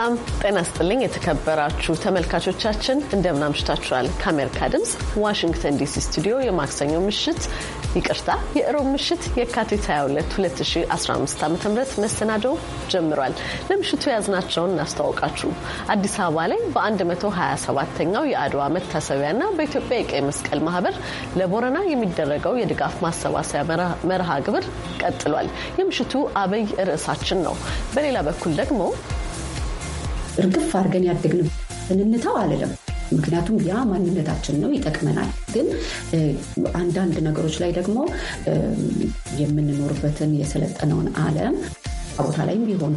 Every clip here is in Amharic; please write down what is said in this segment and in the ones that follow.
ሰላም ጤና ስጥልኝ። የተከበራችሁ ተመልካቾቻችን እንደምን አምሽታችኋል? ከአሜሪካ ድምፅ ዋሽንግተን ዲሲ ስቱዲዮ የማክሰኞ ምሽት ይቅርታ፣ የእሮብ ምሽት የካቲት 22 2015 ዓ ም መሰናዶው ጀምሯል። ለምሽቱ የያዝናቸውን እናስተዋውቃችሁ። አዲስ አበባ ላይ በ127ኛው የአድዋ መታሰቢያና በኢትዮጵያ የቀይ መስቀል ማህበር ለቦረና የሚደረገው የድጋፍ ማሰባሰያ መርሃ ግብር ቀጥሏል። የምሽቱ አብይ ርዕሳችን ነው። በሌላ በኩል ደግሞ እርግፍ አድርገን ያደግንም እንንተው አልልም። ምክንያቱም ያ ማንነታችን ነው፣ ይጠቅመናል። ግን አንዳንድ ነገሮች ላይ ደግሞ የምንኖርበትን የሰለጠነውን ዓለም ቦታ ላይም ቢሆን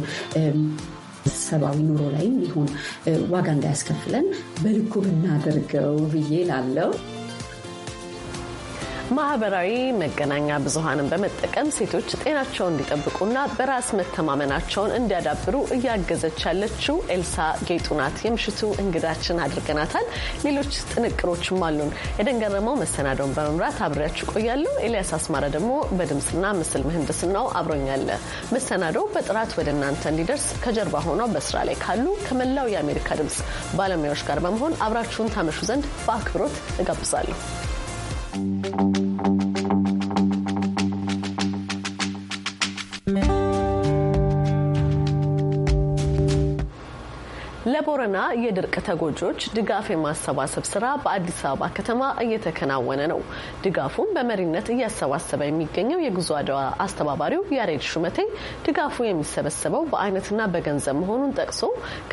ሰብአዊ ኑሮ ላይም ቢሆን ዋጋ እንዳያስከፍለን በልኩ ብናደርገው ብዬ ላለው ማህበራዊ መገናኛ ብዙሃንን በመጠቀም ሴቶች ጤናቸውን እንዲጠብቁና በራስ መተማመናቸውን እንዲያዳብሩ እያገዘች ያለችው ኤልሳ ጌጡ ናት። የምሽቱ እንግዳችን አድርገናታል። ሌሎች ጥንቅሮችም አሉን። የደንገረመው መሰናደውን በመምራት አብሬያችሁ ቆያለሁ። ኤልያስ አስማረ ደግሞ በድምፅና ምስል ምህንድስናው አብሮኛለ። መሰናዶው በጥራት ወደ እናንተ እንዲደርስ ከጀርባ ሆነው በስራ ላይ ካሉ ከመላው የአሜሪካ ድምፅ ባለሙያዎች ጋር በመሆን አብራችሁን ታመሹ ዘንድ በአክብሮት እጋብዛለሁ። Thank you. ለቦረና የድርቅ ተጎጂዎች ድጋፍ የማሰባሰብ ስራ በአዲስ አበባ ከተማ እየተከናወነ ነው። ድጋፉን በመሪነት እያሰባሰበ የሚገኘው የጉዞ አድዋ አስተባባሪው ያሬድ ሹመቴ ድጋፉ የሚሰበሰበው በአይነትና በገንዘብ መሆኑን ጠቅሶ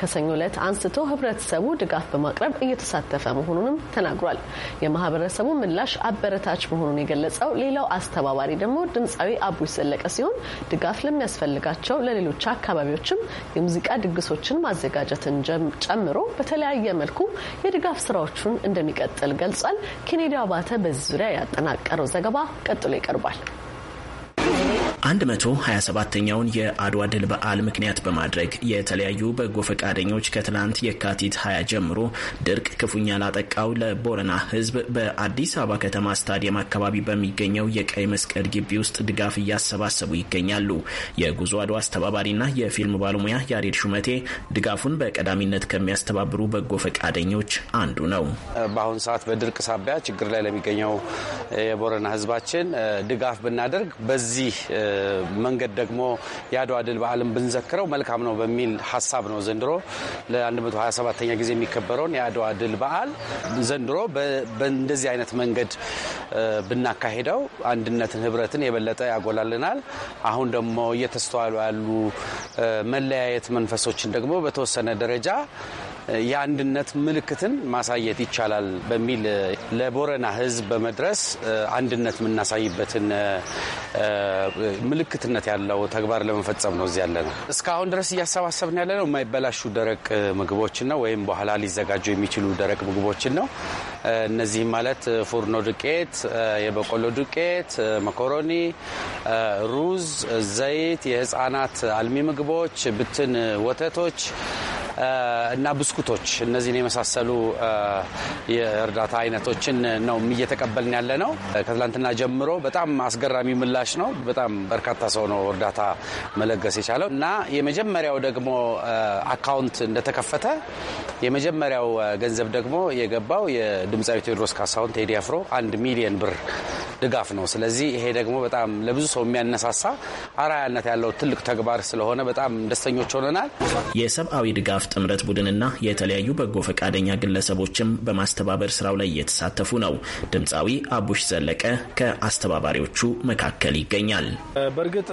ከሰኞ ዕለት አንስቶ ህብረተሰቡ ድጋፍ በማቅረብ እየተሳተፈ መሆኑንም ተናግሯል። የማህበረሰቡ ምላሽ አበረታች መሆኑን የገለጸው ሌላው አስተባባሪ ደግሞ ድምፃዊ አቡ ዘለቀ ሲሆን ድጋፍ ለሚያስፈልጋቸው ለሌሎች አካባቢዎችም የሙዚቃ ድግሶችን ማዘጋጀትን መርዳቱን ጨምሮ በተለያየ መልኩ የድጋፍ ስራዎቹን እንደሚቀጥል ገልጿል። ኬኔዲ አባተ በዚህ ዙሪያ ያጠናቀረው ዘገባ ቀጥሎ ይቀርባል። 127ኛውን የአድዋ ድል በዓል ምክንያት በማድረግ የተለያዩ በጎ ፈቃደኞች ከትላንት የካቲት 20 ጀምሮ ድርቅ ክፉኛ ላጠቃው ለቦረና ሕዝብ በአዲስ አበባ ከተማ ስታዲየም አካባቢ በሚገኘው የቀይ መስቀል ግቢ ውስጥ ድጋፍ እያሰባሰቡ ይገኛሉ። የጉዞ አድዋ አስተባባሪና የፊልም ባለሙያ ያሬድ ሹመቴ ድጋፉን በቀዳሚነት ከሚያስተባብሩ በጎ ፈቃደኞች አንዱ ነው። በአሁኑ ሰዓት በድርቅ ሳቢያ ችግር ላይ ለሚገኘው የቦረና ሕዝባችን ድጋፍ ብናደርግ በዚህ በዚህ መንገድ ደግሞ የአድዋ ድል በዓልን ብንዘክረው መልካም ነው በሚል ሀሳብ ነው ዘንድሮ ለ127ኛ ጊዜ የሚከበረውን የአድዋ ድል በዓል ዘንድሮ በእንደዚህ አይነት መንገድ ብናካሄደው አንድነትን፣ ህብረትን የበለጠ ያጎላልናል። አሁን ደግሞ እየተስተዋሉ ያሉ መለያየት መንፈሶችን ደግሞ በተወሰነ ደረጃ የአንድነት ምልክትን ማሳየት ይቻላል በሚል ለቦረና ህዝብ በመድረስ አንድነት የምናሳይበትን ምልክትነት ያለው ተግባር ለመፈጸም ነው እዚህ ያለነው እስካሁን ድረስ እያሰባሰብን ያለ ነው የማይበላሹ ደረቅ ምግቦችን ነው ወይም በኋላ ሊዘጋጁ የሚችሉ ደረቅ ምግቦችን ነው። እነዚህም ማለት ፉርኖ ዱቄት፣ የበቆሎ ዱቄት፣ መኮሮኒ፣ ሩዝ፣ ዘይት፣ የህፃናት አልሚ ምግቦች፣ ብትን ወተቶች እና ብስኩቶች እነዚህን የመሳሰሉ የእርዳታ አይነቶችን ነው እየተቀበልን ያለ ነው። ከትላንትና ጀምሮ በጣም አስገራሚ ምላሽ ነው። በጣም በርካታ ሰው ነው እርዳታ መለገስ የቻለው እና የመጀመሪያው ደግሞ አካውንት እንደተከፈተ የመጀመሪያው ገንዘብ ደግሞ የገባው የድምፃዊ ቴዎድሮስ ካሳሁን ቴዲ አፍሮ አንድ ሚሊየን ብር ድጋፍ ነው። ስለዚህ ይሄ ደግሞ በጣም ለብዙ ሰው የሚያነሳሳ አራያነት ያለው ትልቅ ተግባር ስለሆነ በጣም ደስተኞች ሆነናል። የሰብአዊ ድጋፍ ጥምረት ቡድንና የተለያዩ በጎ ፈቃደኛ ግለሰቦችም በማስተባበር ስራው ላይ እየተሳተፉ ነው። ድምፃዊ አቡሽ ዘለቀ ከአስተባባሪዎቹ መካከል ይገኛል። በእርግጥ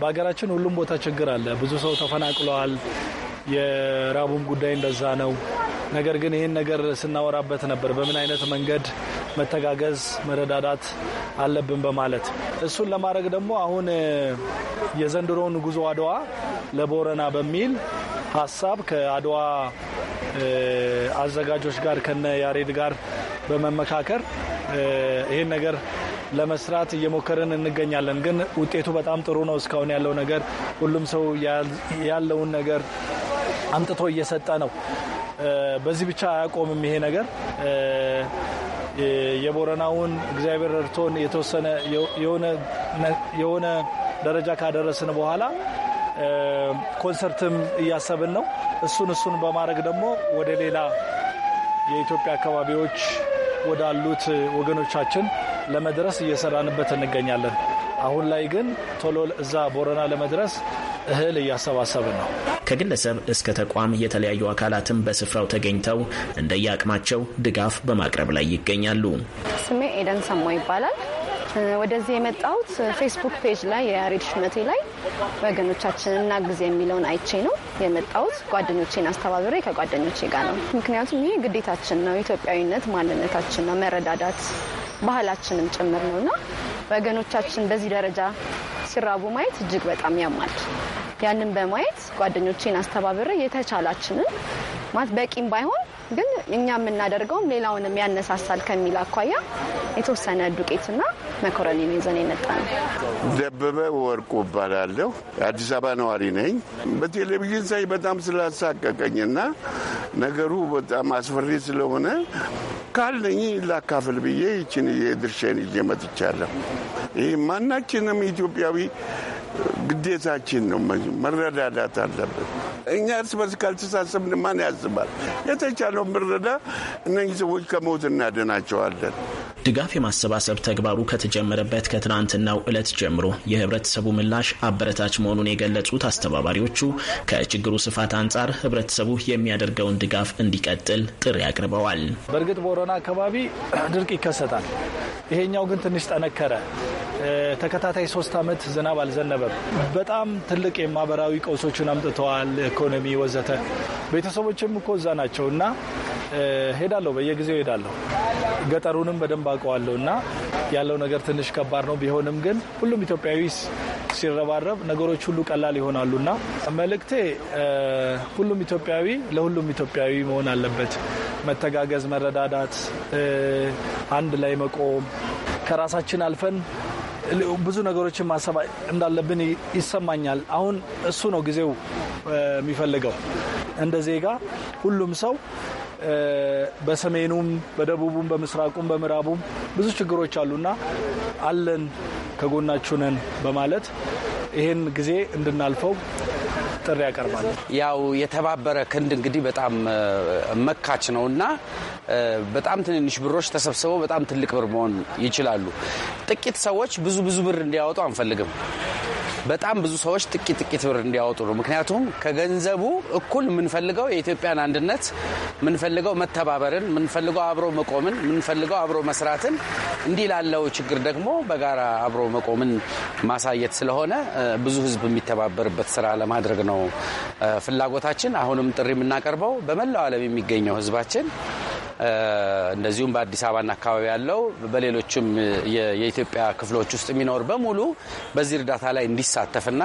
በሀገራችን ሁሉም ቦታ ችግር አለ። ብዙ ሰው ተፈናቅለዋል። የራቡም ጉዳይ እንደዛ ነው። ነገር ግን ይህን ነገር ስናወራበት ነበር በምን አይነት መንገድ መተጋገዝ፣ መረዳዳት አለብን በማለት እሱን ለማድረግ ደግሞ አሁን የዘንድሮውን ጉዞ አድዋ ለቦረና በሚል ሀሳብ ከአድዋ አዘጋጆች ጋር ከነ ያሬድ ጋር በመመካከር ይህን ነገር ለመስራት እየሞከርን እንገኛለን። ግን ውጤቱ በጣም ጥሩ ነው። እስካሁን ያለው ነገር ሁሉም ሰው ያለውን ነገር አምጥቶ እየሰጠ ነው። በዚህ ብቻ አያቆምም ይሄ ነገር የቦረናውን እግዚአብሔር እርቶን የተወሰነ የሆነ ደረጃ ካደረስን በኋላ ኮንሰርትም እያሰብን ነው። እሱን እሱን በማድረግ ደግሞ ወደ ሌላ የኢትዮጵያ አካባቢዎች ወዳሉት ወገኖቻችን ለመድረስ እየሰራንበት እንገኛለን። አሁን ላይ ግን ቶሎ እዛ ቦረና ለመድረስ እህል እያሰባሰብን ነው። ከግለሰብ እስከ ተቋም የተለያዩ አካላትም በስፍራው ተገኝተው እንደየአቅማቸው ድጋፍ በማቅረብ ላይ ይገኛሉ። ስሜ ኤደን ሰሞ ይባላል። ወደዚህ የመጣሁት ፌስቡክ ፔጅ ላይ የያሬድ ሽመቴ ላይ እና ጊዜ የሚለውን አይቼ ነው የመጣሁት። ጓደኞቼን አስተባብሬ ከጓደኞቼ ጋር ነው። ምክንያቱም ይሄ ግዴታችን ነው፣ ኢትዮጵያዊነት ማንነታችን ነው፣ መረዳዳት ባህላችንም ጭምር ነው እና ወገኖቻችን በዚህ ደረጃ ሲራቡ ማየት እጅግ በጣም ያማል። ያንን በማየት ጓደኞቼን አስተባብሬ የተቻላችንን ማለት በቂም ባይሆን ግን እኛ የምናደርገውም ሌላውንም ያነሳሳል ከሚል አኳያ የተወሰነ ዱቄትና መኮረኒ ይዘን የመጣ ነው። ደበበ ወርቁ እባላለሁ። አዲስ አበባ ነዋሪ ነኝ። በቴሌቪዥን ሳይ በጣም ስላሳቀቀኝና ነገሩ በጣም አስፈሪ ስለሆነ ካለኝ ላካፍል ብዬ ይችን የድርሻዬን ይዤ መጥቻለሁ። ይህ ማናችንም ኢትዮጵያዊ ግዴታችን ነው። መረዳዳት አለብን። እኛ እርስ በርስ ካልተሳሰብን ማን ያስባል? የተቻለው ምረዳ እነዚህ ሰዎች ከሞት እናድናቸዋለን። ድጋፍ የማሰባሰብ ተግባሩ ከተጀመረበት ከትናንትናው ዕለት ጀምሮ የህብረተሰቡ ምላሽ አበረታች መሆኑን የገለጹት አስተባባሪዎቹ ከችግሩ ስፋት አንጻር ህብረተሰቡ የሚያደርገውን ድጋፍ እንዲቀጥል ጥሪ አቅርበዋል። በእርግጥ በቦረና አካባቢ ድርቅ ይከሰታል። ይሄኛው ግን ትንሽ ጠነከረ። ተከታታይ ሶስት ዓመት ዝናብ አልዘነበም። በጣም ትልቅ የማህበራዊ ቀውሶችን አምጥተዋል። ኢኮኖሚ ወዘተ። ቤተሰቦችም እኮ እዛ ናቸው እና ሄዳለሁ፣ በየጊዜው ሄዳለሁ። ገጠሩንም በደንብ አውቀዋለሁ እና ያለው ነገር ትንሽ ከባድ ነው። ቢሆንም ግን ሁሉም ኢትዮጵያዊ ሲረባረብ ነገሮች ሁሉ ቀላል ይሆናሉ እና መልእክቴ ሁሉም ኢትዮጵያዊ ለሁሉም ኢትዮጵያዊ መሆን አለበት። መተጋገዝ፣ መረዳዳት፣ አንድ ላይ መቆም ከራሳችን አልፈን ብዙ ነገሮችን ማሰብ እንዳለብን ይሰማኛል። አሁን እሱ ነው ጊዜው የሚፈልገው እንደ ዜጋ ሁሉም ሰው በሰሜኑም፣ በደቡቡም፣ በምስራቁም፣ በምዕራቡም ብዙ ችግሮች አሉና አለን ከጎናችሁ ነን በማለት ይህን ጊዜ እንድናልፈው ጥሪ ያቀርባል። ያው የተባበረ ክንድ እንግዲህ በጣም መካች ነው እና በጣም ትንንሽ ብሮች ተሰብስበው በጣም ትልቅ ብር መሆን ይችላሉ። ጥቂት ሰዎች ብዙ ብዙ ብር እንዲያወጡ አንፈልግም። በጣም ብዙ ሰዎች ጥቂት ጥቂት ብር እንዲያወጡ ነው። ምክንያቱም ከገንዘቡ እኩል የምንፈልገው የኢትዮጵያን አንድነት፣ የምንፈልገው መተባበርን፣ የምንፈልገው አብሮ መቆምን፣ የምንፈልገው አብሮ መስራትን፣ እንዲህ ላለው ችግር ደግሞ በጋራ አብሮ መቆምን ማሳየት ስለሆነ ብዙ ህዝብ የሚተባበርበት ስራ ለማድረግ ነው ፍላጎታችን። አሁንም ጥሪ የምናቀርበው በመላው ዓለም የሚገኘው ህዝባችን እንደዚሁም በአዲስ አበባና አካባቢ ያለው በሌሎችም የኢትዮጵያ ክፍሎች ውስጥ የሚኖር በሙሉ በዚህ እርዳታ ላይ እንዲሳተፍና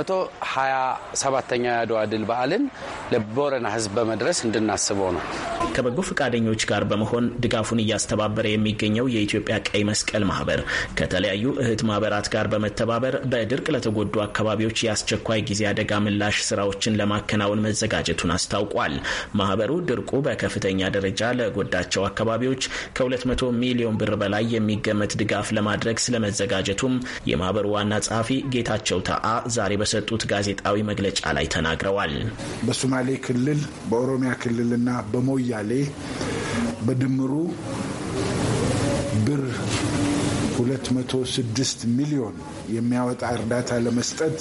127ኛ የአድዋ ድል በዓልን ለቦረና ህዝብ በመድረስ እንድናስበው ነው። ከበጎ ፈቃደኞች ጋር በመሆን ድጋፉን እያስተባበረ የሚገኘው የኢትዮጵያ ቀይ መስቀል ማህበር ከተለያዩ እህት ማህበራት ጋር በመተባበር በድርቅ ለተጎዱ አካባቢዎች የአስቸኳይ ጊዜ አደጋ ምላሽ ስራዎችን ለማከናወን መዘጋጀቱን አስታውቋል። ማህበሩ ድርቁ በከፍተኛ ደረጃ ለጎዳቸው አካባቢዎች ከ200 ሚሊዮን ብር በላይ የሚገመት ድጋፍ ለማድረግ ስለመዘጋጀቱም የማህበሩ ዋና ጸሐፊ ጌታቸው ተአ ዛሬ በሰጡት ጋዜጣዊ መግለጫ ላይ ተናግረዋል። በሶማሌ ክልል፣ በኦሮሚያ ክልልና በሞያሌ በድምሩ ብር 206 ሚሊዮን የሚያወጣ እርዳታ ለመስጠት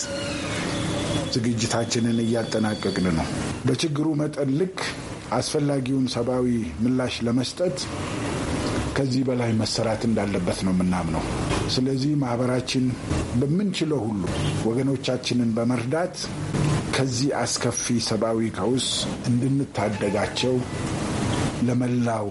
ዝግጅታችንን እያጠናቀቅን ነው። በችግሩ መጠን ልክ አስፈላጊውን ሰብአዊ ምላሽ ለመስጠት ከዚህ በላይ መሰራት እንዳለበት ነው የምናምነው። ስለዚህ ማህበራችን በምንችለው ሁሉ ወገኖቻችንን በመርዳት ከዚህ አስከፊ ሰብአዊ ቀውስ እንድንታደጋቸው ለመላው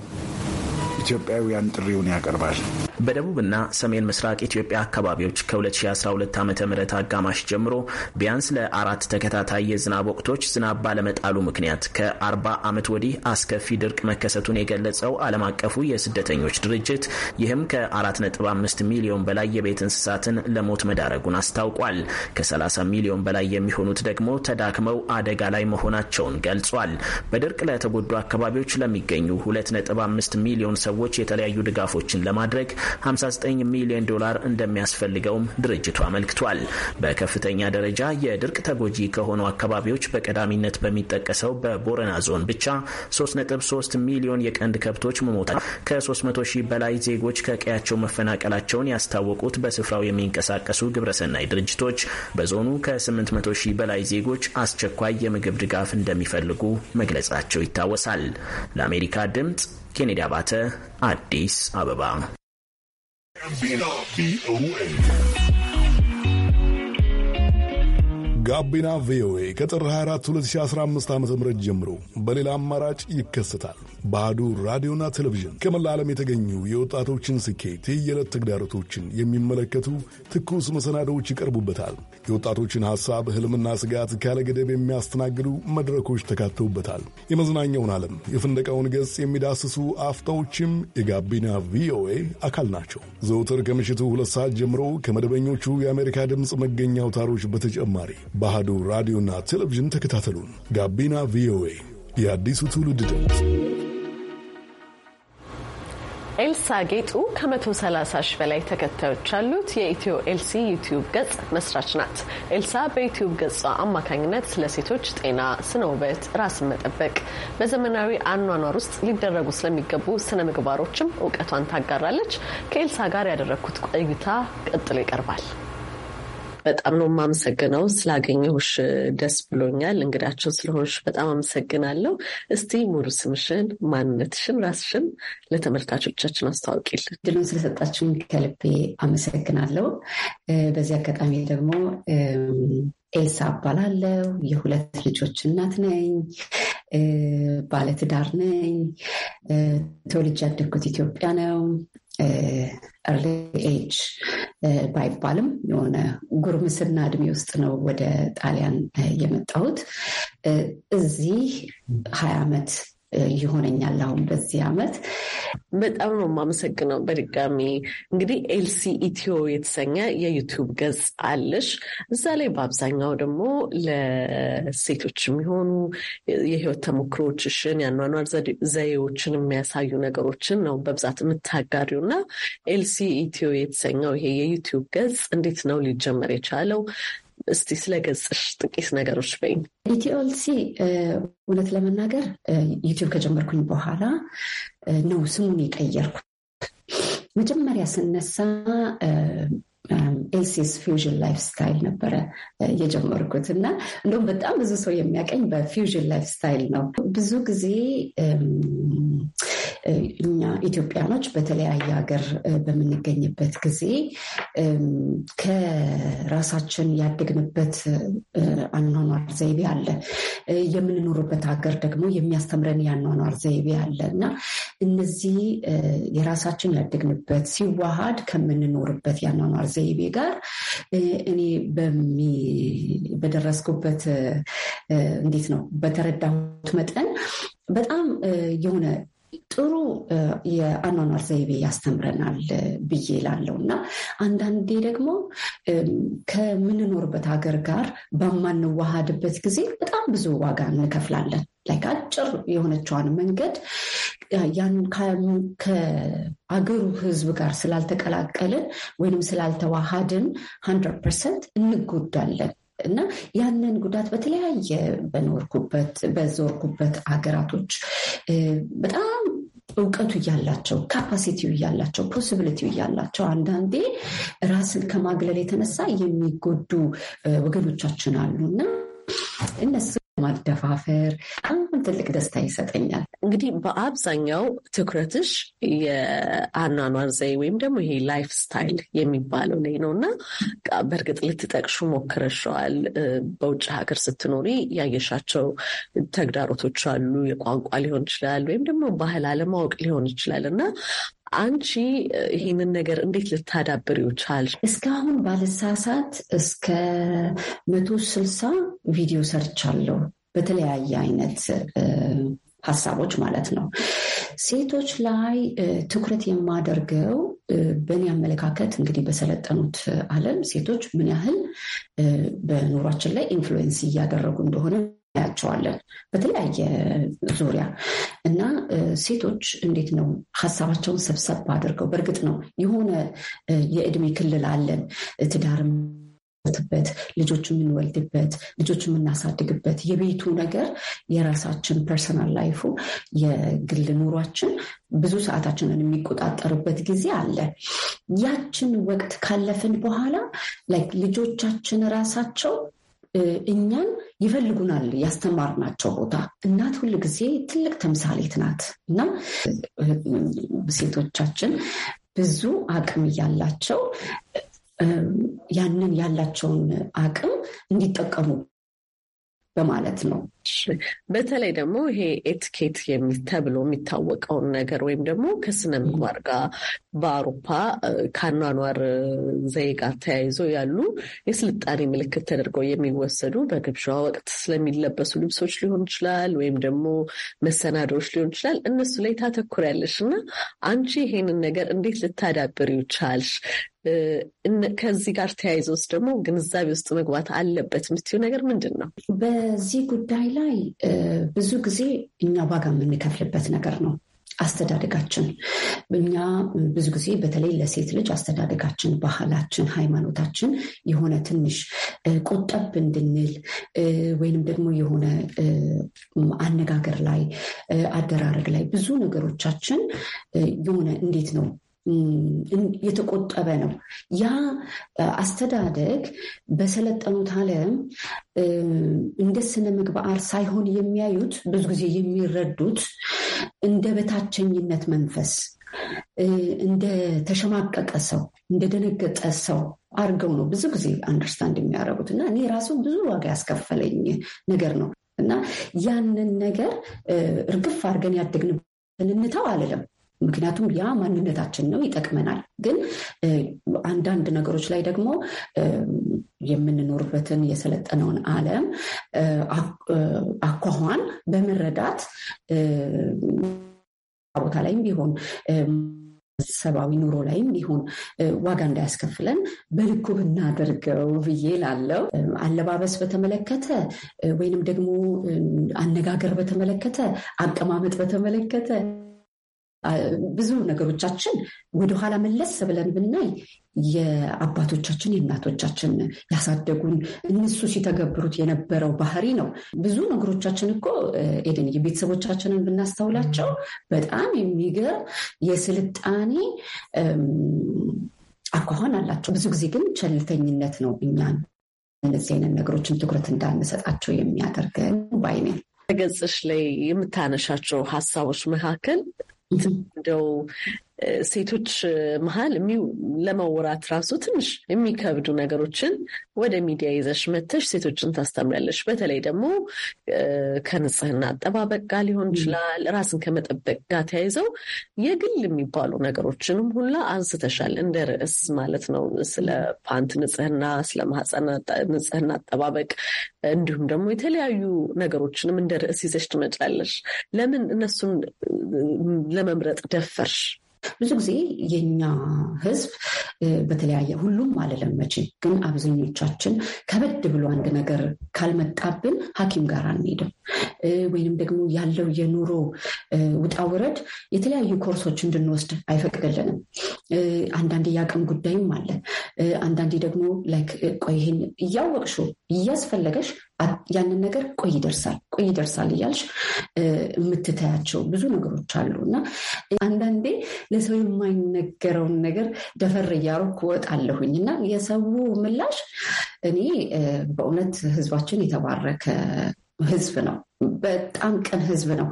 ኢትዮጵያውያን ጥሪውን ያቀርባል። በደቡብና ሰሜን ምስራቅ ኢትዮጵያ አካባቢዎች ከ2012 ዓ ም አጋማሽ ጀምሮ ቢያንስ ለአራት ተከታታይ የዝናብ ወቅቶች ዝናብ ባለመጣሉ ምክንያት ከ40 ዓመት ወዲህ አስከፊ ድርቅ መከሰቱን የገለጸው ዓለም አቀፉ የስደተኞች ድርጅት ይህም ከ4.5 ሚሊዮን በላይ የቤት እንስሳትን ለሞት መዳረጉን አስታውቋል። ከ30 ሚሊዮን በላይ የሚሆኑት ደግሞ ተዳክመው አደጋ ላይ መሆናቸውን ገልጿል። በድርቅ ለተጎዱ አካባቢዎች ለሚገኙ 2.5 ሚሊዮን ሰዎች የተለያዩ ድጋፎችን ለማድረግ 59 ሚሊዮን ዶላር እንደሚያስፈልገውም ድርጅቱ አመልክቷል። በከፍተኛ ደረጃ የድርቅ ተጎጂ ከሆኑ አካባቢዎች በቀዳሚነት በሚጠቀሰው በቦረና ዞን ብቻ 3.3 ሚሊዮን የቀንድ ከብቶች መሞታ ከ ከ300 ሺህ በላይ ዜጎች ከቀያቸው መፈናቀላቸውን ያስታወቁት በስፍራው የሚንቀሳቀሱ ግብረሰናይ ድርጅቶች በዞኑ ከ800 ሺህ በላይ ዜጎች አስቸኳይ የምግብ ድጋፍ እንደሚፈልጉ መግለጻቸው ይታወሳል። ለአሜሪካ ድምፅ ኬኔዲ አባተ አዲስ አበባ and be not be away. ጋቢና ቪኦኤ ከጥር 24 2015 ዓ ም ጀምሮ በሌላ አማራጭ ይከሰታል። ባህዱ ራዲዮና ቴሌቪዥን ከመላ ዓለም የተገኙ የወጣቶችን ስኬት፣ የየዕለት ተግዳሮቶችን የሚመለከቱ ትኩስ መሰናዶዎች ይቀርቡበታል። የወጣቶችን ሐሳብ፣ ሕልምና ስጋት ካለገደብ የሚያስተናግዱ መድረኮች ተካተውበታል። የመዝናኛውን ዓለም፣ የፍንደቃውን ገጽ የሚዳስሱ አፍታዎችም የጋቢና ቪኦኤ አካል ናቸው። ዘውትር ከምሽቱ ሁለት ሰዓት ጀምሮ ከመደበኞቹ የአሜሪካ ድምፅ መገኛ አውታሮች በተጨማሪ በአህዱ ራዲዮና ቴሌቪዥን ተከታተሉን። ጋቢና ቪኦኤ የአዲሱ ትውልድ ድምፅ። ኤልሳ ጌጡ ከ130 ሺህ በላይ ተከታዮች ያሉት የኢትዮ ኤልሲ ዩቲዩብ ገጽ መስራች ናት። ኤልሳ በዩቲዩብ ገጿ አማካኝነት ስለ ሴቶች ጤና፣ ስነ ውበት፣ ራስን መጠበቅ፣ በዘመናዊ አኗኗር ውስጥ ሊደረጉ ስለሚገቡ ስነ ምግባሮችም እውቀቷን ታጋራለች። ከኤልሳ ጋር ያደረግኩት ቆይታ ቀጥሎ ይቀርባል። በጣም ነው የማመሰግነው። ስላገኘሁሽ ደስ ብሎኛል። እንግዳቸው ስለሆንሽ በጣም አመሰግናለሁ። እስቲ ሙሉ ስምሽን፣ ማንነትሽን፣ ራስሽን ለተመልካቾቻችን አስተዋውቂልን። ድሉን ስለሰጣችሁን ከልቤ አመሰግናለሁ። በዚህ አጋጣሚ ደግሞ ኤልሳ እባላለሁ። የሁለት ልጆች እናት ነኝ። ባለትዳር ነኝ። ተወልጄ ያደግኩት ኢትዮጵያ ነው። ኤርሊ ኤጅ ባይባልም የሆነ ጉርምስና እድሜ ውስጥ ነው ወደ ጣሊያን የመጣሁት። እዚህ ሀያ ዓመት ይሆነኛል አሁን በዚህ ዓመት። በጣም ነው የማመሰግነው። በድጋሚ እንግዲህ ኤልሲ ኢትዮ የተሰኘ የዩቲዩብ ገጽ አለሽ። እዛ ላይ በአብዛኛው ደግሞ ለሴቶች የሚሆኑ የህይወት ተሞክሮችሽን፣ የአኗኗር ዘዬዎችን የሚያሳዩ ነገሮችን ነው በብዛት የምታጋሪው እና ኤልሲ ኢትዮ የተሰኘው ይሄ የዩቲዩብ ገጽ እንዴት ነው ሊጀመር የቻለው? እስቲ ስለ ገጽሽ ጥቂት ነገሮች በይኝ። ኢትኦልሲ እውነት ለመናገር ዩቲዩብ ከጀመርኩኝ በኋላ ነው ስሙን የቀየርኩት። መጀመሪያ ስነሳ ኤልሲስ ፊውዥን ላይፍ ስታይል ነበረ የጀመርኩት እና እንደውም በጣም ብዙ ሰው የሚያቀኝ በፊውዥን ላይፍ ስታይል ነው ብዙ ጊዜ እኛ ኢትዮጵያኖች በተለያየ ሀገር በምንገኝበት ጊዜ ከራሳችን ያደግንበት አኗኗር ዘይቤ አለ። የምንኖርበት ሀገር ደግሞ የሚያስተምረን የአኗኗር ዘይቤ አለ እና እነዚህ የራሳችን ያደግንበት ሲዋሃድ ከምንኖርበት የአኗኗር ዘይቤ ጋር እኔ በደረስኩበት እንዴት ነው በተረዳሁት መጠን በጣም የሆነ ጥሩ የአኗኗር ዘይቤ ያስተምረናል ብዬ ላለው እና አንዳንዴ ደግሞ ከምንኖርበት ሀገር ጋር በማንዋሃድበት ጊዜ በጣም ብዙ ዋጋ እንከፍላለን። አጭር የሆነችዋን መንገድ ያን ከአገሩ ሕዝብ ጋር ስላልተቀላቀልን ወይንም ስላልተዋሃድን ሀንድረድ ፐርሰንት እንጎዳለን። እና ያንን ጉዳት በተለያየ በኖርኩበት በዞርኩበት ሀገራቶች በጣም እውቀቱ እያላቸው ካፓሲቲው እያላቸው ፖስብሊቲው እያላቸው አንዳንዴ ራስን ከማግለል የተነሳ የሚጎዱ ወገኖቻችን አሉ እና እነሱ ማደፋፈር በጣም ትልቅ ደስታ ይሰጠኛል። እንግዲህ በአብዛኛው ትኩረትሽ የአኗኗር ዘይ ወይም ደግሞ ይሄ ላይፍ ስታይል የሚባለው ላይ ነው እና በእርግጥ ልትጠቅሹ ሞክረሸዋል። በውጭ ሀገር ስትኖሪ ያየሻቸው ተግዳሮቶች አሉ። የቋንቋ ሊሆን ይችላል ወይም ደግሞ ባህል አለማወቅ ሊሆን ይችላል እና አንቺ ይህንን ነገር እንዴት ልታዳብሪው ቻልሽ? እስካሁን ባልሳሳት እስከ መቶ ስልሳ ቪዲዮ ሰርቻለሁ በተለያየ አይነት ሀሳቦች ማለት ነው። ሴቶች ላይ ትኩረት የማደርገው በእኔ አመለካከት እንግዲህ በሰለጠኑት ዓለም ሴቶች ምን ያህል በኑሯችን ላይ ኢንፍሉዌንስ እያደረጉ እንደሆነ እናያቸዋለን በተለያየ ዙሪያ እና ሴቶች እንዴት ነው ሀሳባቸውን ሰብሰብ አድርገው በእርግጥ ነው የሆነ የእድሜ ክልል አለን ትዳርም በት ልጆች የምንወልድበት ልጆች የምናሳድግበት የቤቱ ነገር የራሳችን ፐርሰናል ላይፉ የግል ኑሯችን ብዙ ሰዓታችንን የሚቆጣጠርበት ጊዜ አለ። ያችን ወቅት ካለፍን በኋላ ልጆቻችን ራሳቸው እኛን ይፈልጉናል ያስተማርናቸው ቦታ። እናት ሁል ጊዜ ትልቅ ተምሳሌት ናት እና ሴቶቻችን ብዙ አቅም እያላቸው ያንን ያላቸውን አቅም እንዲጠቀሙ በማለት ነው። በተለይ ደግሞ ይሄ ኤቲኬት ተብሎ የሚታወቀውን ነገር ወይም ደግሞ ከስነ ምግባር ጋር በአውሮፓ ከአኗኗር ዘዬ ጋር ተያይዞ ያሉ የስልጣኔ ምልክት ተደርገው የሚወሰዱ በግብዣ ወቅት ስለሚለበሱ ልብሶች ሊሆን ይችላል፣ ወይም ደግሞ መሰናዶዎች ሊሆን ይችላል። እነሱ ላይ ታተኩሪያለሽ እና አንቺ ይሄንን ነገር እንዴት ልታዳብር ይቻልሽ? ከዚህ ጋር ውስጥ ደግሞ ግንዛቤ ውስጥ መግባት አለበት የምትዩ ነገር ምንድን ነው? በዚህ ጉዳይ ላይ ብዙ ጊዜ እኛ ዋጋ የምንከፍልበት ነገር ነው። አስተዳደጋችን እኛ ብዙ ጊዜ በተለይ ለሴት ልጅ አስተዳደጋችን፣ ባህላችን፣ ሃይማኖታችን የሆነ ትንሽ ቆጠብ እንድንል ወይንም ደግሞ የሆነ አነጋገር ላይ አደራረግ ላይ ብዙ ነገሮቻችን የሆነ እንዴት ነው የተቆጠበ ነው። ያ አስተዳደግ በሰለጠኑት ዓለም እንደ ስነ ምግባር ሳይሆን የሚያዩት ብዙ ጊዜ የሚረዱት እንደ በታቸኝነት መንፈስ እንደ ተሸማቀቀ ሰው እንደደነገጠ ሰው አድርገው ነው ብዙ ጊዜ አንደርስታንድ የሚያደርጉት እና እኔ ራሱ ብዙ ዋጋ ያስከፈለኝ ነገር ነው እና ያንን ነገር እርግፍ አድርገን ያደግንበትን እንተው አልልም። ምክንያቱም ያ ማንነታችን ነው፣ ይጠቅመናል። ግን አንዳንድ ነገሮች ላይ ደግሞ የምንኖርበትን የሰለጠነውን ዓለም አኳኋን በመረዳት ቦታ ላይም ቢሆን ሰብአዊ ኑሮ ላይም ቢሆን ዋጋ እንዳያስከፍለን በልኩ ብናደርገው ብዬ ላለው አለባበስ በተመለከተ ወይንም ደግሞ አነጋገር በተመለከተ አቀማመጥ በተመለከተ ብዙ ነገሮቻችን ወደኋላ መለስ ብለን ብናይ የአባቶቻችን የእናቶቻችን ያሳደጉን እነሱ ሲተገብሩት የነበረው ባህሪ ነው። ብዙ ነገሮቻችን እኮ ኤደን የቤተሰቦቻችንን ብናስተውላቸው በጣም የሚገርም የስልጣኔ አኳኋን አላቸው። ብዙ ጊዜ ግን ቸልተኝነት ነው እኛን እነዚህ አይነት ነገሮችን ትኩረት እንዳንሰጣቸው የሚያደርገን ባይኔ ገጽሽ ላይ የምታነሻቸው ሀሳቦች መካከል Yndw. ሴቶች መሀል ለመወራት ራሱ ትንሽ የሚከብዱ ነገሮችን ወደ ሚዲያ ይዘሽ መተሽ ሴቶችን ታስተምሪያለሽ። በተለይ ደግሞ ከንጽህና አጠባበቅ ጋር ሊሆን ይችላል፣ ራስን ከመጠበቅ ጋር ተያይዘው የግል የሚባሉ ነገሮችንም ሁላ አንስተሻል፣ እንደ ርዕስ ማለት ነው። ስለ ፓንት ንጽህና፣ ስለ ማህፀን ንጽህና አጠባበቅ እንዲሁም ደግሞ የተለያዩ ነገሮችንም እንደ ርዕስ ይዘሽ ትመጫለሽ። ለምን እነሱን ለመምረጥ ደፈርሽ? ብዙ ጊዜ የኛ ህዝብ በተለያየ ሁሉም አልለም ግን አብዛኞቻችን ከበድ ብሎ አንድ ነገር ካልመጣብን ሐኪም ጋር አንሄድም ወይንም ደግሞ ያለው የኑሮ ውጣ ውረድ የተለያዩ ኮርሶች እንድንወስድ አይፈቅድልንም። አንዳንዴ የአቅም ጉዳይም አለ። አንዳንዴ ደግሞ ይሄን እያወቅሽው እያስፈለገሽ ያንን ነገር ቆይ ይደርሳል፣ ቆይ ይደርሳል እያልሽ የምትተያቸው ብዙ ነገሮች አሉ እና አንዳንዴ ለሰው የማይነገረውን ነገር ደፈር እያረኩ ወጣለሁኝ እና የሰው ምላሽ እኔ በእውነት ህዝባችን የተባረከ ህዝብ ነው። በጣም ቅን ህዝብ ነው።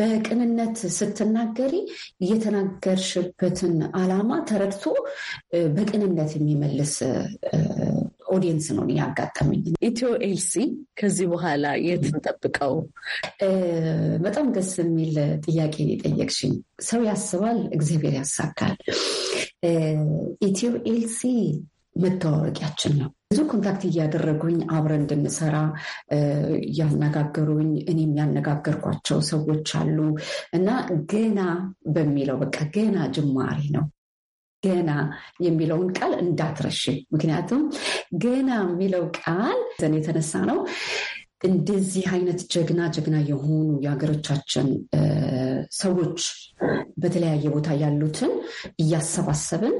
በቅንነት ስትናገሪ የተናገርሽበትን አላማ ተረድቶ በቅንነት የሚመልስ ኦዲየንስ ነው ያጋጠመኝ። ኢትዮ ኤልሲ ከዚህ በኋላ የት እንጠብቀው? በጣም ደስ የሚል ጥያቄ የጠየቅሽኝ። ሰው ያስባል፣ እግዚአብሔር ያሳካል። ኢትዮ ኤልሲ መተዋወቂያችን ነው። ብዙ ኮንታክት እያደረጉኝ አብረን እንድንሰራ ያነጋገሩኝ እኔም ያነጋገርኳቸው ሰዎች አሉ እና ገና በሚለው በቃ ገና ጅማሬ ነው ገና የሚለውን ቃል እንዳትረሽ። ምክንያቱም ገና የሚለው ቃል ዘን የተነሳ ነው እንደዚህ አይነት ጀግና ጀግና የሆኑ የሀገሮቻችን ሰዎች በተለያየ ቦታ ያሉትን እያሰባሰብን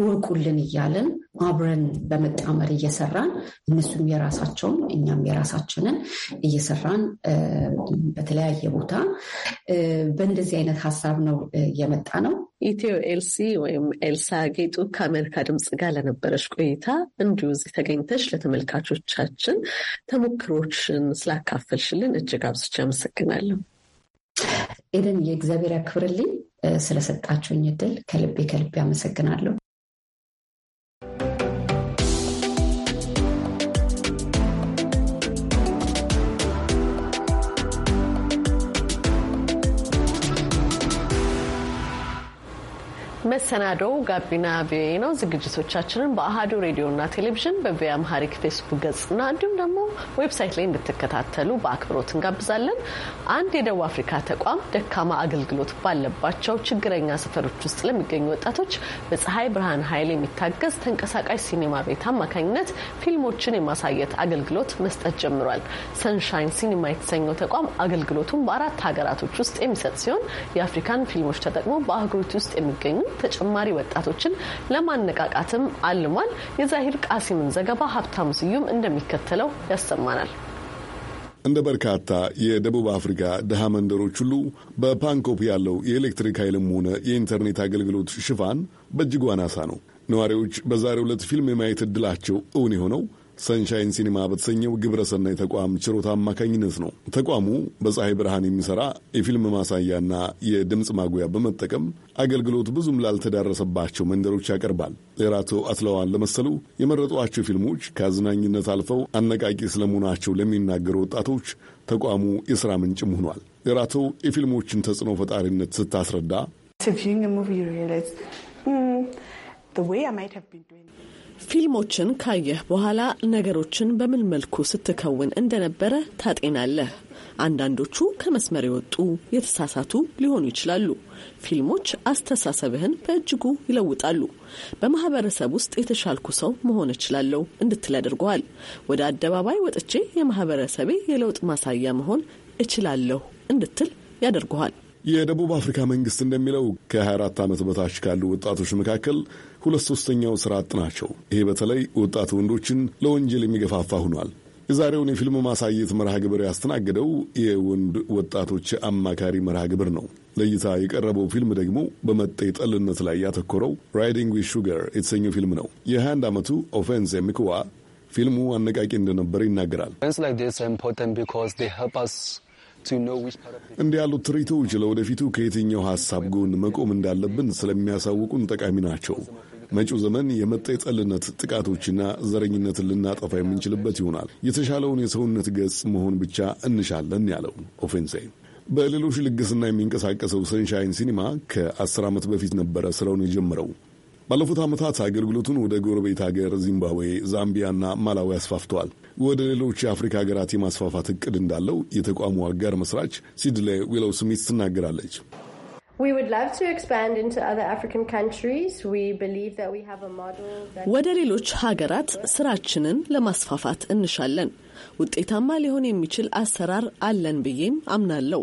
እወቁልን እያልን አብረን በመጣመር እየሰራን እነሱም የራሳቸውን እኛም የራሳችንን እየሰራን በተለያየ ቦታ በእንደዚህ አይነት ሀሳብ ነው የመጣ ነው። ኢትዮ ኤልሲ ወይም ኤልሳ ጌጡ ከአሜሪካ ድምፅ ጋር ለነበረች ቆይታ እንዲሁ እዚህ ተገኝተች ለተመልካቾቻችን ተሞክሮችን ስላካፈልሽልን እጅግ አብዝቼ አመሰግናለሁ። ኤደን የእግዚአብሔር ያክብርልኝ። ስለሰጣችሁኝ እድል ከልቤ ከልቤ አመሰግናለሁ። መሰናዶው ጋቢና ቪኦኤ ነው። ዝግጅቶቻችንን ሬዲዮ ሬዲዮና ቴሌቪዥን በቪኦኤ አምሃሪክ ፌስቡክ ገጽና እንዲሁም ደግሞ ዌብሳይት ላይ እንድትከታተሉ በአክብሮት እንጋብዛለን። አንድ የደቡብ አፍሪካ ተቋም ደካማ አገልግሎት ባለባቸው ችግረኛ ሰፈሮች ውስጥ ለሚገኙ ወጣቶች በፀሐይ ብርሃን ኃይል የሚታገዝ ተንቀሳቃሽ ሲኒማ ቤት አማካኝነት ፊልሞችን የማሳየት አገልግሎት መስጠት ጀምሯል። ሰንሻይን ሲኒማ የተሰኘው ተቋም አገልግሎቱን በአራት ሀገራቶች ውስጥ የሚሰጥ ሲሆን የአፍሪካን ፊልሞች ተጠቅሞ በአህጉሪቱ ውስጥ የሚገኙ ተጨማሪ ወጣቶችን ለማነቃቃትም አልሟል። የዛሂር ቃሲምን ዘገባ ሀብታሙ ስዩም እንደሚከተለው ያሰማናል። እንደ በርካታ የደቡብ አፍሪካ ድሃ መንደሮች ሁሉ በፓንኮፕ ያለው የኤሌክትሪክ ኃይልም ሆነ የኢንተርኔት አገልግሎት ሽፋን በእጅጉ አናሳ ነው። ነዋሪዎች በዛሬው ዕለት ፊልም የማየት ዕድላቸው እውን የሆነው ሰንሻይን ሲኒማ በተሰኘው ግብረሰናይ ተቋም ችሮታ አማካኝነት ነው። ተቋሙ በፀሐይ ብርሃን የሚሰራ የፊልም ማሳያና የድምፅ ማጉያ በመጠቀም አገልግሎት ብዙም ላልተዳረሰባቸው መንደሮች ያቀርባል። የራቶ አትለዋን ለመሰሉ የመረጧቸው ፊልሞች ከአዝናኝነት አልፈው አነቃቂ ስለመሆናቸው ለሚናገሩ ወጣቶች ተቋሙ የሥራ ምንጭም ሆኗል። የራቶ የፊልሞችን ተጽዕኖ ፈጣሪነት ስታስረዳ ፊልሞችን ካየህ በኋላ ነገሮችን በምን መልኩ ስትከውን እንደነበረ ታጤናለህ። አንዳንዶቹ ከመስመር የወጡ የተሳሳቱ ሊሆኑ ይችላሉ። ፊልሞች አስተሳሰብህን በእጅጉ ይለውጣሉ። በማህበረሰብ ውስጥ የተሻልኩ ሰው መሆን እችላለሁ እንድትል ያደርገዋል። ወደ አደባባይ ወጥቼ የማህበረሰቤ የለውጥ ማሳያ መሆን እችላለሁ እንድትል ያደርገዋል። የደቡብ አፍሪካ መንግስት እንደሚለው ከ24 ዓመት በታች ካሉ ወጣቶች መካከል ሁለት ሶስተኛው ስራ አጥ ናቸው። ይሄ በተለይ ወጣት ወንዶችን ለወንጀል የሚገፋፋ ሆኗል። የዛሬውን የፊልም ማሳየት መርሃ ግብር ያስተናገደው የወንድ ወጣቶች አማካሪ መርሃ ግብር ነው። ለእይታ የቀረበው ፊልም ደግሞ በመጤ ጠልነት ላይ ያተኮረው ራይዲንግ ዊ ሹገር የተሰኘው ፊልም ነው። የ21 ዓመቱ ኦፌንስ የሚክዋ ፊልሙ አነቃቂ እንደነበረ ይናገራል። እንዲህ ያሉት ትርኢቶች ለወደፊቱ ከየትኛው ሀሳብ ጎን መቆም እንዳለብን ስለሚያሳውቁን ጠቃሚ ናቸው። መጪው ዘመን ጠልነት ጥቃቶችና ዘረኝነትን ልናጠፋ የምንችልበት ይሆናል። የተሻለውን የሰውነት ገጽ መሆን ብቻ እንሻለን ያለው ኦፌንሴን በሌሎች ልግስና የሚንቀሳቀሰው ሰንሻይን ሲኒማ ከአስር ዓመት በፊት ነበረ ስራውን የጀመረው። ባለፉት ዓመታት አገልግሎቱን ወደ ጎረቤት ሀገር ዚምባብዌ፣ ዛምቢያና ማላዊ አስፋፍተዋል። ወደ ሌሎች የአፍሪካ ሀገራት የማስፋፋት እቅድ እንዳለው የተቋሙ አጋር መስራች ሲድሌ ዊለው ስሚት ትናገራለች። ወደ ሌሎች ሀገራት ስራችንን ለማስፋፋት እንሻለን። ውጤታማ ሊሆን የሚችል አሰራር አለን ብዬም አምናለሁ።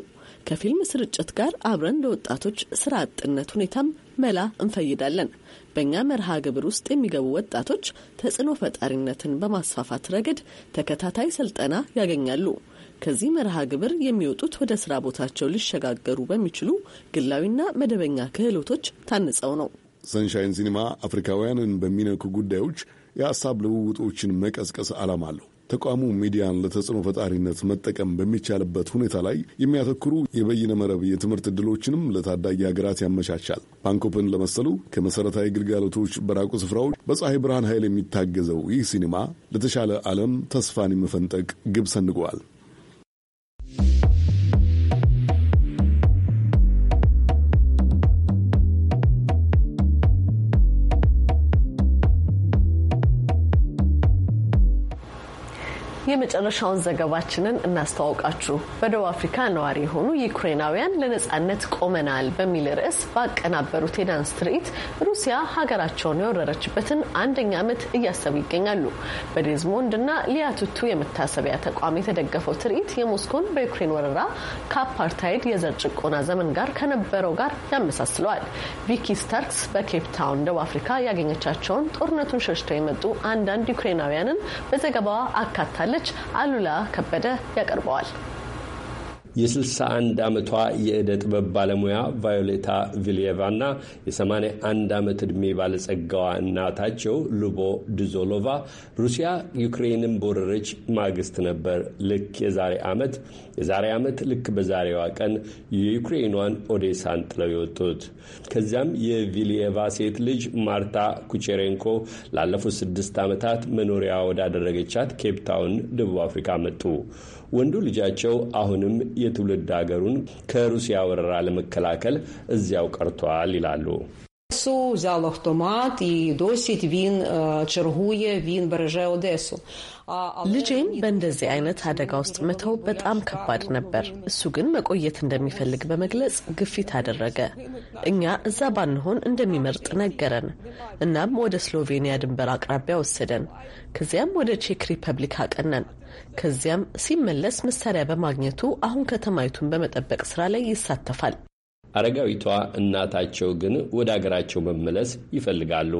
ከፊልም ስርጭት ጋር አብረን ለወጣቶች ስራ አጥነት ሁኔታም መላ እንፈይዳለን። በእኛ መርሃ ግብር ውስጥ የሚገቡ ወጣቶች ተጽዕኖ ፈጣሪነትን በማስፋፋት ረገድ ተከታታይ ስልጠና ያገኛሉ። ከዚህ መርሃ ግብር የሚወጡት ወደ ስራ ቦታቸው ሊሸጋገሩ በሚችሉ ግላዊና መደበኛ ክህሎቶች ታንጸው ነው። ሰንሻይን ሲኒማ አፍሪካውያንን በሚነኩ ጉዳዮች የሀሳብ ልውውጦችን መቀስቀስ ዓላማ አለው። ተቋሙ ሚዲያን ለተጽዕኖ ፈጣሪነት መጠቀም በሚቻልበት ሁኔታ ላይ የሚያተኩሩ የበይነ መረብ የትምህርት ዕድሎችንም ለታዳጊ ሀገራት ያመቻቻል። ባንኮፕን ለመሰሉ ከመሠረታዊ ግልጋሎቶች በራቁ ስፍራዎች በፀሐይ ብርሃን ኃይል የሚታገዘው ይህ ሲኒማ ለተሻለ ዓለም ተስፋን የመፈንጠቅ ግብ ሰንገዋል። የመጨረሻውን ዘገባችንን እናስተዋውቃችሁ። በደቡብ አፍሪካ ነዋሪ የሆኑ ዩክሬናውያን ለነጻነት ቆመናል በሚል ርዕስ ባቀናበሩት የዳንስ ትርኢት ሩሲያ ሀገራቸውን የወረረችበትን አንደኛ ዓመት እያሰቡ ይገኛሉ። በዴዝሞንድና ሊያቱቱ የመታሰቢያ ተቋም የተደገፈው ትርኢት የሞስኮን በዩክሬን ወረራ ከአፓርታይድ የዘር ጭቆና ዘመን ጋር ከነበረው ጋር ያመሳስለዋል። ቪኪ ስታርክስ በኬፕ ታውን ደቡብ አፍሪካ ያገኘቻቸውን ጦርነቱን ሸሽተው የመጡ አንዳንድ ዩክሬናውያንን በዘገባዋ አካታለች። አሉላ ከበደ ያቀርበዋል። የ61 ዓመቷ የዕደ ጥበብ ባለሙያ ቫዮሌታ ቪልየቫ እና የ81 ዓመት ዕድሜ ባለጸጋዋ እናታቸው ሉቦ ድዞሎቫ ሩሲያ ዩክሬንን በወረረች ማግስት ነበር ልክ የዛሬ ዓመት የዛሬ ዓመት ልክ በዛሬዋ ቀን የዩክሬኗን ኦዴሳን ጥለው የወጡት። ከዚያም የቪልየቫ ሴት ልጅ ማርታ ኩቼሬንኮ ላለፉት ስድስት ዓመታት መኖሪያ ወዳደረገቻት ኬፕታውን ደቡብ አፍሪካ መጡ። ወንዱ ልጃቸው አሁንም የትውልድ አገሩን ከሩሲያ ወረራ ለመከላከል እዚያው ቀርቷል ይላሉ። Одесу, взяв автомат, і досі він чергує, він береже Одесу. ልጄም በእንደዚህ አይነት አደጋ ውስጥ መተው በጣም ከባድ ነበር። እሱ ግን መቆየት እንደሚፈልግ በመግለጽ ግፊት አደረገ። እኛ እዛ ባንሆን እንደሚመርጥ ነገረን። እናም ወደ ስሎቬኒያ ድንበር አቅራቢያ ወሰደን። ከዚያም ወደ ቼክ ሪፐብሊክ አቀናን። ከዚያም ሲመለስ መሳሪያ በማግኘቱ አሁን ከተማይቱን በመጠበቅ ስራ ላይ ይሳተፋል። አረጋዊቷ እናታቸው ግን ወደ አገራቸው መመለስ ይፈልጋሉ።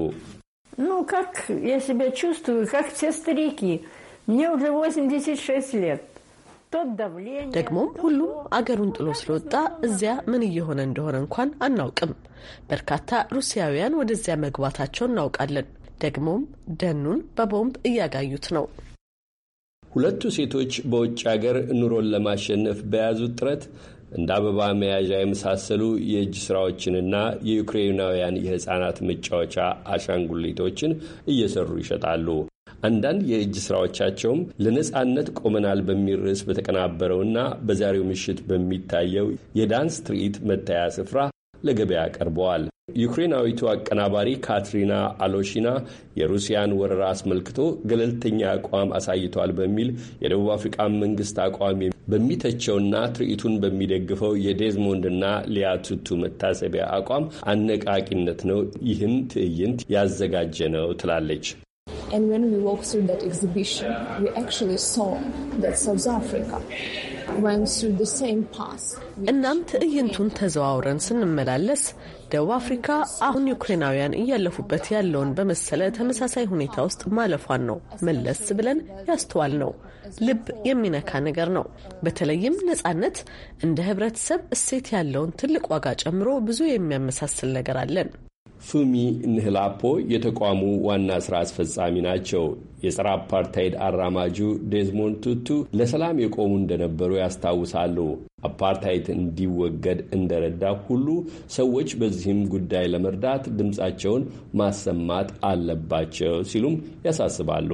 ደግሞም ሁሉም አገሩን ጥሎ ስለወጣ እዚያ ምን እየሆነ እንደሆነ እንኳን አናውቅም። በርካታ ሩሲያውያን ወደዚያ መግባታቸው እናውቃለን። ደግሞም ደኑን በቦምብ እያጋዩት ነው። ሁለቱ ሴቶች በውጭ አገር ኑሮን ለማሸነፍ በያዙት ጥረት እንደ አበባ መያዣ የመሳሰሉ የእጅ ስራዎችንና የዩክሬናውያን የሕፃናት መጫወቻ አሻንጉሊቶችን እየሰሩ ይሸጣሉ። አንዳንድ የእጅ ስራዎቻቸውም ለነጻነት ቆመናል በሚል ርዕስ በተቀናበረውና በዛሬው ምሽት በሚታየው የዳንስ ትርኢት መታያ ስፍራ ለገበያ ቀርበዋል። ዩክሬናዊቱ አቀናባሪ ካትሪና አሎሺና የሩሲያን ወረራ አስመልክቶ ገለልተኛ አቋም አሳይቷል በሚል የደቡብ አፍሪካ መንግስት አቋም በሚተቸውና ትርኢቱን በሚደግፈው የዴዝሞንድና ሊያቱቱ መታሰቢያ አቋም አነቃቂነት ነው ይህን ትዕይንት ያዘጋጀ ነው ትላለች። And when we walked through that exhibition, we actually saw that South Africa እናም ትዕይንቱን ተዘዋውረን ስንመላለስ ደቡብ አፍሪካ አሁን ዩክሬናውያን እያለፉበት ያለውን በመሰለ ተመሳሳይ ሁኔታ ውስጥ ማለፏን ነው መለስ ብለን ያስተዋል ነው። ልብ የሚነካ ነገር ነው። በተለይም ነጻነት እንደ ህብረተሰብ እሴት ያለውን ትልቅ ዋጋ ጨምሮ ብዙ የሚያመሳስል ነገር አለን። ፉሚ ንህላፖ የተቋሙ ዋና ስራ አስፈጻሚ ናቸው። የጸረ አፓርታይድ አራማጁ ዴዝሞንድ ቱቱ ለሰላም የቆሙ እንደነበሩ ያስታውሳሉ። አፓርታይድ እንዲወገድ እንደረዳ ሁሉ ሰዎች በዚህም ጉዳይ ለመርዳት ድምፃቸውን ማሰማት አለባቸው ሲሉም ያሳስባሉ።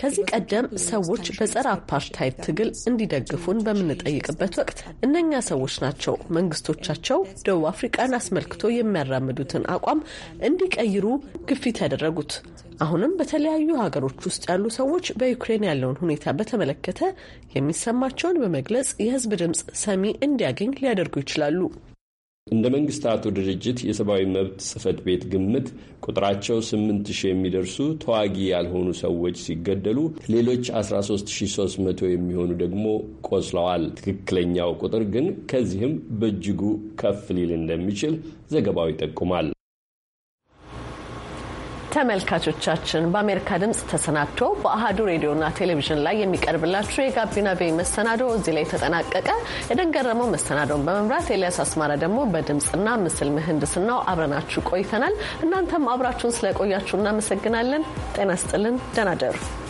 ከዚህ ቀደም ሰዎች በጸረ አፓርታይድ ትግል እንዲደግፉን በምንጠይቅበት ወቅት እነኛ ሰዎች ናቸው መንግስቶቻቸው ደቡብ አፍሪቃን አስመልክቶ የሚያራምዱትን አቋም እንዲቀይሩ ግፊት ያደረጉት። አሁንም በተለያዩ ሀገሮች ውስጥ ያሉ ሰዎች በዩክሬን ያለውን ሁኔታ በተመለከተ የሚሰማቸውን በመግለጽ የህዝብ ድምፅ ሰሚ እንዲያገኝ ሊያደርጉ ይችላሉ። እንደ መንግስታቱ ድርጅት የሰብአዊ መብት ጽህፈት ቤት ግምት ቁጥራቸው 8000 የሚደርሱ ተዋጊ ያልሆኑ ሰዎች ሲገደሉ ሌሎች 13300 የሚሆኑ ደግሞ ቆስለዋል። ትክክለኛው ቁጥር ግን ከዚህም በእጅጉ ከፍ ሊል እንደሚችል ዘገባው ይጠቁማል። ተመልካቾቻችን በአሜሪካ ድምጽ ተሰናድቶ በአህዱ ሬዲዮና ቴሌቪዥን ላይ የሚቀርብላችሁ የጋቢና ቤ መሰናዶ እዚህ ላይ ተጠናቀቀ። የደንገረመው መሰናዶውን በመምራት ኤልያስ አስማራ ደግሞ በድምፅና ምስል ምህንድስናው አብረናችሁ ቆይተናል። እናንተም አብራችሁን ስለቆያችሁ እናመሰግናለን። ጤና ስጥልን።